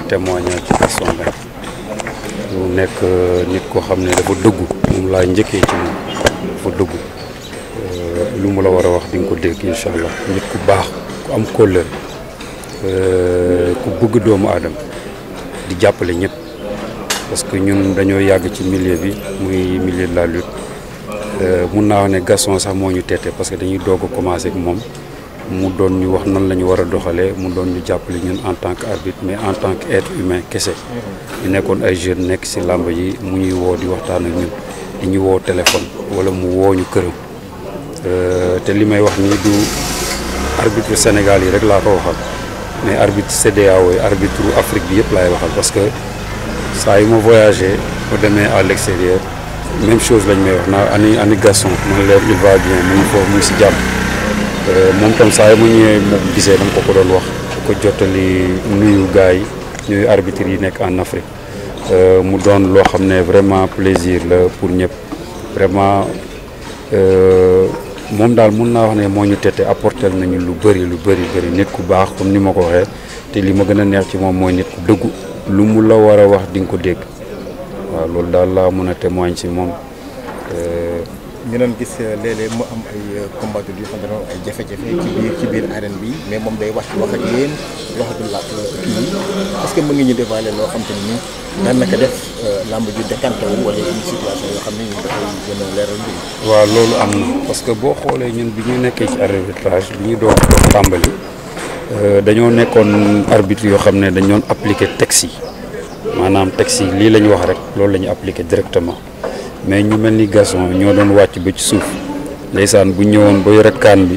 apporter témoignage ci Gaston Mbengue mu nekk euh, nit koo xam ne dafa dugg moom laa njëkkee ci moom dafa dëggu euh, lu mu la war a wax di nga ko dégg incha allah nit ku baax ku am kóllër euh, ku bëgg doomu aadam di jàppale ñëpp parce que ñun dañoo yàgg ci millier bi muy milieu de la mun naa wax ne Gaston sax moo ñu teete parce que dañuy doog a commencé ak moom mu doon ñu wax nan la ñu war a doxalee mu doon ñu jàppale ñun en tant que arbitre mais en tant que être humain kese ñu nekkoon ay jeunes nekk ci làmba yi mu ñuy woo di waxtaan ak ñun di ñu woo téléphone wala mu woo ñu këram euh, te li may wax nii du arbitre Sénégal yi rek laa ko waxal mais arbitre CEDEAO yi arbitre Afrique bi yëpp laay waxal parce que saa yu ma voyagé ba demee à l'extérieur même chose lañ may wax naa ani ani garçon man leen il va bien mu ngi foofu Euh, moom tam saa yi ma ñëwee gisee dama ko ko doon wax ko jottali nuyu gars yi nuyu arbitre yi nekk en Afrique euh, mu doon loo xam ne vraiment plaisir la pour ñëpp vraiment euh, moom daal mun naa wax ne moo ñu tete apporter nañu lu bëri lu bëri bëri nit ku baax comme ni ma ko waxee te li ma gën a neex ci moom mooy nit ku dëggu lu mu la war a wax di nga ko dégg waaw loolu daal laa mën a témoigne ci moom. ñu doon gis euh, léeg mu am ay euh, combat yu xam ay jafe-jafe ci biir ci biir arène bi mais moom day wax wax ak yéen waxatul laaj kii yi parce que mën nga ñu dévoiler loo xam te ni daanaka def euh, làmb ju décanté wu wala une xam ne ñu dafay leeral bi waaw loolu am na parce que boo xoolee ñun bi ñuy nekkee ci arbitrage bi ñu doon doon tàmbali dañoo nekkoon arbitre yoo xam ne dañu doon appliqué texte yi maanaam texte yi lii la ñu wax rek loolu la ñu appliqué directement. mais ñu mel ni Gaston ñoo doon wàcc ba ci suuf ndeysaan bu ñëwoon ba yoret kaan bi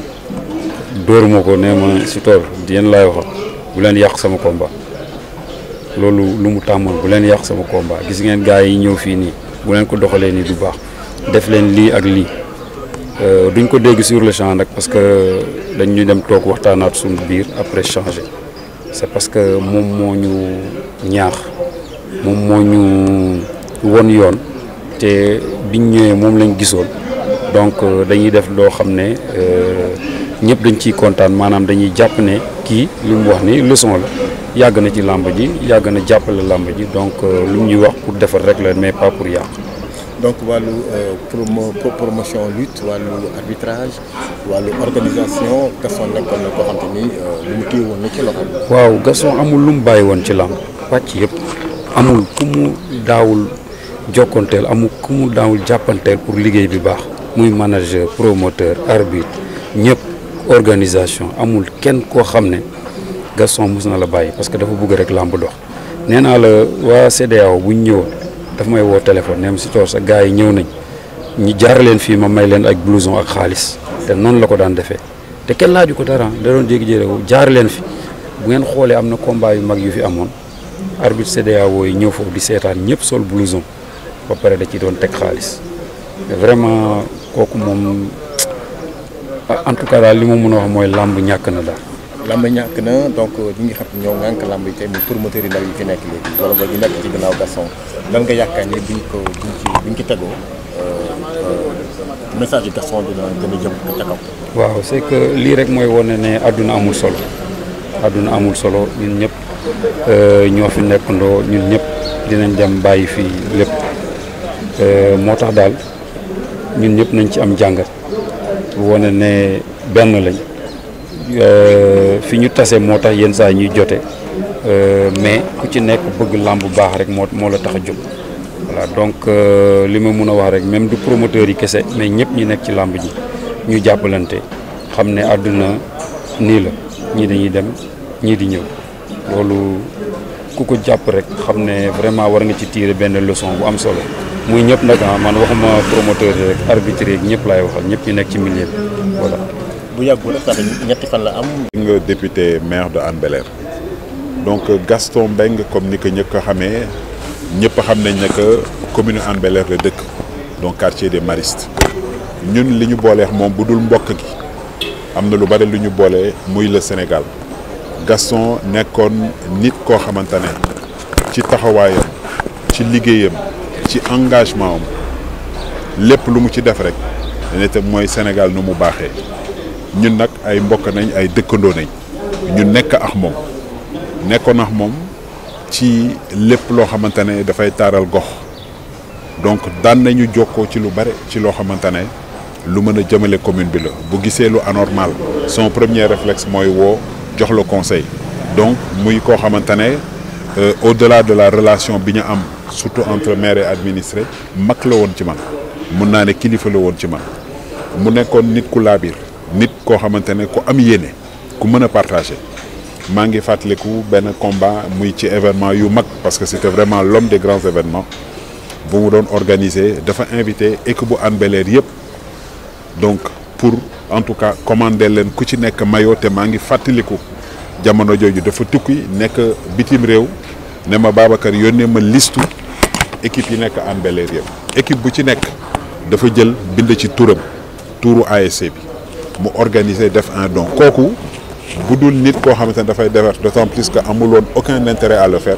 dóoruma ko nee ma si tool di laay waxal bu leen yàq sama komba loolu lu mu tàmmoon bu leen yàq sama komba gis ngeen gars yi ñëw fii nii bu leen ko doxalee nii du baax def leen lii ak lii euh, duñ ko dégg sur le champ nag parce que dañ ñu dem toog waxtaanaat suñu biir après changer c'est parce que moom moo ñu ñaax moom moo ñu won yoon. te biñ ñëwee moom lañ gisoon donc euh, dañuy def loo xam ne euh, ñëpp dañ ciy kontaan maanaam dañuy jàpp ne kii lu mu wax ni leçon la yàgg na ci làmb ji yàgg na jàppale làmb ji donc euh, lu ñuy wax pour defar rek la mais pas pour yàq. donc wàllu promo promotion lutte wàllu arbitrage wàllu organisation Gaston nekkoon na koo xam te ni lu mu téye woon na ci loxo waaw gason amul lu mu bàyyi woon ci làmb pàcc yëpp amul ku mu daawul. jokkonteel amul ku mu daawul jàppanteel pour liggéey bi baax muy manager promoteur arbitre ñëpp organisation amul kenn koo xam ne Gaston mus na la bàyyi parce que dafa bugg rek làmb dox nee naa la waa CEDEAO bu ñu ñëw dafa may woo téléphone ne si toor sa gars yi ñëw nañ ñu jaar leen fii ma may leen ak blouson ak xaalis te noonu la ko daan defee te kenn laaju ko dara da doon jékki-jékki jaar leen fi bu ngeen xoolee am na combat yu mag yu fi amoon arbitre CEDEAO yi ñëw foofu di seetaan ñëpp sol blouson ba pare da ci doon teg xaalis vraiment kooku moom ah, en tout cas daal li ma mën a wax mooy làmb ñàkk na la làmb ñàkk na donc ñi nga xam ne ñoo ŋànk làmb yi tey muy pour yi ndaw yi fi nekk léegi wala ba ñu nekk ci gannaaw Gaston lan nga yaakaar ni buñ ko buñ ci buñ ci tegoo euh, euh, message yi Gaston dina gën a jëm waaw c'est que lii rek mooy wane ne àdduna amul solo àdduna amul solo ñun ñëpp euh, ñoo fi ndoo ñun ñëpp dinañ dem bàyyi fii. Euh, moo tax daal ñun ñëpp nañ ci am jàngat wane ne benn lañ euh, fi ñu tase moo tax yenn saa ñuy jote euh, mais ku ci nekk bëgg làmb baax rek moo moo la tax a jóg voilà donc li ma mun a wax rek même du promoteur yi kese mais ñëpp ñu nekk ci làmb ji ñu jàppalante xam ne àdduna nii la ñii dañuy dem ñii di ñëw loolu ku ko jàpp rek xam ne vraiment war nga ci tiire benn leçon bu am solo muy ñëpp nag ah man waxuma promoteur rek arbitre yeeg ñëpp laay waxal ñëpp ñu nekk ci milieu bi voilà. bu yàggul sax ñetti fan la am. nga député maire de Hann Bel-Air donc Gaston Mbengue comme ni ko ñëpp ko xamee ñëpp xam nañ ne que commune Hann bel dëkk donc quartier des Maristes ñun li ñu booleex moom bu dul mbokk gi am na lu bari lu ñu boolee muy le Sénégal Gaston nekkoon nit koo xamante ne ci taxawaayam ci liggéeyam. ci engagement am lépp lu mu ci def rek dana mooy Sénégal nu mu baaxee ñun nag ay mbokk nañ ay dëkkandoo nañ ñu nekk ak moom nekkoon ak moom ci lépp loo xamante ne dafay taaral gox donc daan nañu jokkoo ci lu bare ci loo xamante ne lu mën a jëmale commune bi la bu gisee lu anormal son premier réflexe mooy woo jox la conseil donc muy koo xamante ne euh, au-delà de la relation bi ñu am surtout entre maire et administré mag la woon ci man mun naa ne kilifa la woon ci man mu nekkoon nit ku laabiir nit koo xamante ne ku am yéene ku mën a partagé maa ngi fàttaliku benn combat muy ci événement yu mag parce que c'était vraiment l'homme des grands événements bu mu doon organisé dafa invité équipe bu Hann Bel-Air yëpp donc pour en tout cas commander leen ku ci nekk maillot te maa ngi fàttaliku jamono jooju dafa tukki nekk bitim réew ne ma Babacar yónnee ma listu équipe yi nekk en Bel Air yëpp équipe bu ci nekk dafa jël bind ci turam tuuru ASC bi mu organiser def un donc kooku bu dul nit koo xamante ne dafay defar d'autant plus que amuloon aucun intérêt à le faire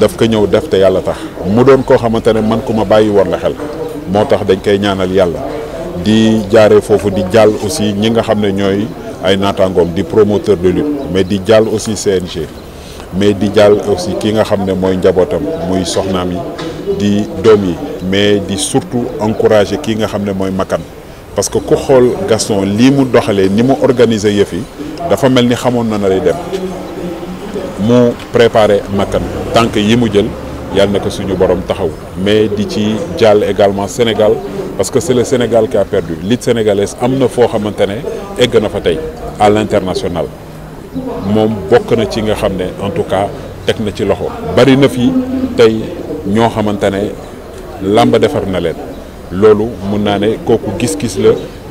daf ko ñëw def te yàlla tax mu doon koo xamante ne man ku ma bàyyi woon la xel moo tax dañ koy ñaanal yàlla di jaaree foofu di jàll aussi ñi nga xam ne ñooy ay naataangoom di promoteur de lutte mais di jàll aussi CNG mais di jàll aussi ki nga xam ne mooy njabootam muy soxnaam yi di doom yi mais di surtout encourager ki nga xam ne mooy Makan parce que ku xool Gaston lii mu doxalee ni mu organiser yëf dafa mel ni xamoon na na lay dem mu préparer Makan tank yi mu jël yàlla na ko suñu borom taxaw mais di ci jàll également Sénégal parce que c'est le Sénégal qui a perdu lutte sénégalaise am na foo xamante ne egg na fa tey à l'international moom bokk na ci nga xam ne en tout cas teg na ci loxo bari na fi tey ñoo xamante ne làmb defar na leen loolu mun naa ne kooku gis-gis la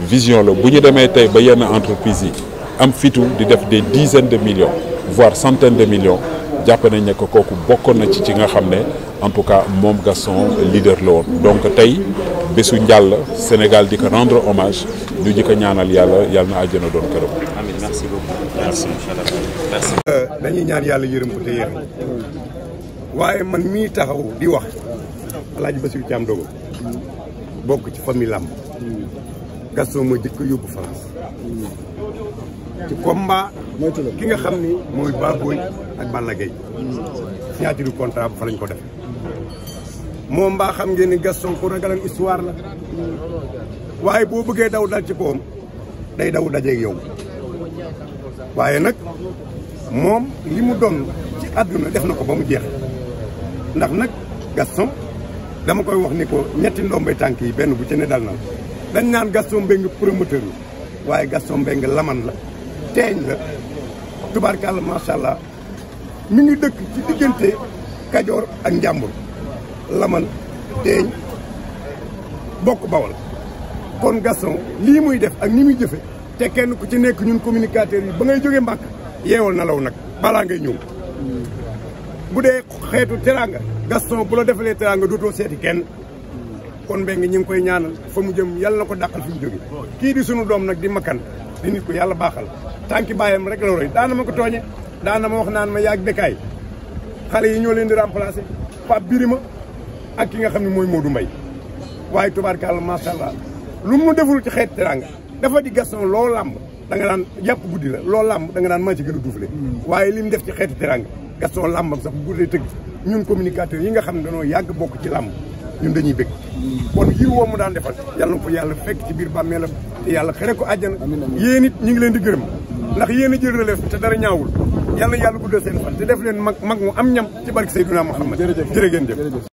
vision la bu ñu demee tey ba yenn entreprise yi am fitou di def des dizaines de millions voire centaines de millions jàpp nañ ne que kooku bokkoon na ci ci nga xam ne en tout cas moom Gaston leader la woon donc tey bésu njàll Sénégal di ko rendre hommage ñu di ñaanal yàlla yàlla na àjjana doon këram. amiin merci euh, dañuy ñaan yàlla yërëm ko te yërëm waaye man mii taxaw di wax El Hadj Bassirou Thiam Dogo bokk ci famille làmb Gaston ma jëkk yóbbu France ci combat ki nga xam ni mooy Baboy. ak Balla Gaye signature contrat bu fa ko def moom mbaa xam ngeen ni Gaston ku ragal histoire la waaye boo bëggee daw dal ci kawam day daw dajeeg yow waaye nag moom li mu doon ci àdduna def na ko ba mu jeex ndax nag Gaston dama koy wax ni ko ñetti ndombay tànk yi benn bu ci dal na dañ naan Gaston Mbengue promoteur la waaye Gaston Mbengue laman la teeñ la tubaarkàlla macha allah. mi ngi dëkk ci diggante Kajoor ak Njàmbur Laman Teeñ bokk Bawol kon Gaston lii muy def ak ni muy jëfe te kenn ku ci nekk ñun communicateurs yi ba ngay jógee Mbàkk yeewal na law nag balaa ngay ñëw bu dee xeetu teraanga Gaston bu la defalee teraanga dootoo seeti kenn kon mbéy mi ñu ngi koy ñaanal fa mu jëm yàlla na ko dàqal fi mu jóge kii di sunu doom nag di makkan di nit ko yàlla baaxal tànki bàyyam rek la roy daana ma ko tooñe daana ma wax naan ma yaag dëkkaay xale yi ñoo leen di remplacer Pape Birima ak ki nga xam ne mooy Modou Mbaye waaye tubaarkàlla macha allah lu mu deful ci xeet teranga dafa di Gaston loo làmb da nga daan jàpp guddi la loo làmb da daan maa ci gën a duufle mm. waaye li mu def ci xeeti teranga Gaston làmbam sax bu guddee tëgg ñun communicateurs yi nga xam ne dañoo yàgg bokk ci làmb ñun dañuy bëgg mm. kon yi woo mu daan defal yàlla na ko yàlla fekk ci biir bàmmeelam te yàlla xere ko àjjana yéen it ñu ngi leen di gërëm mm. ndax yéen a jël relève dara ñaawul yàlla yàlla guddal seen fan te def leen mag mag mu am ñam ci barke Seydina Muhammad jërëjëf jërë ngeen jëf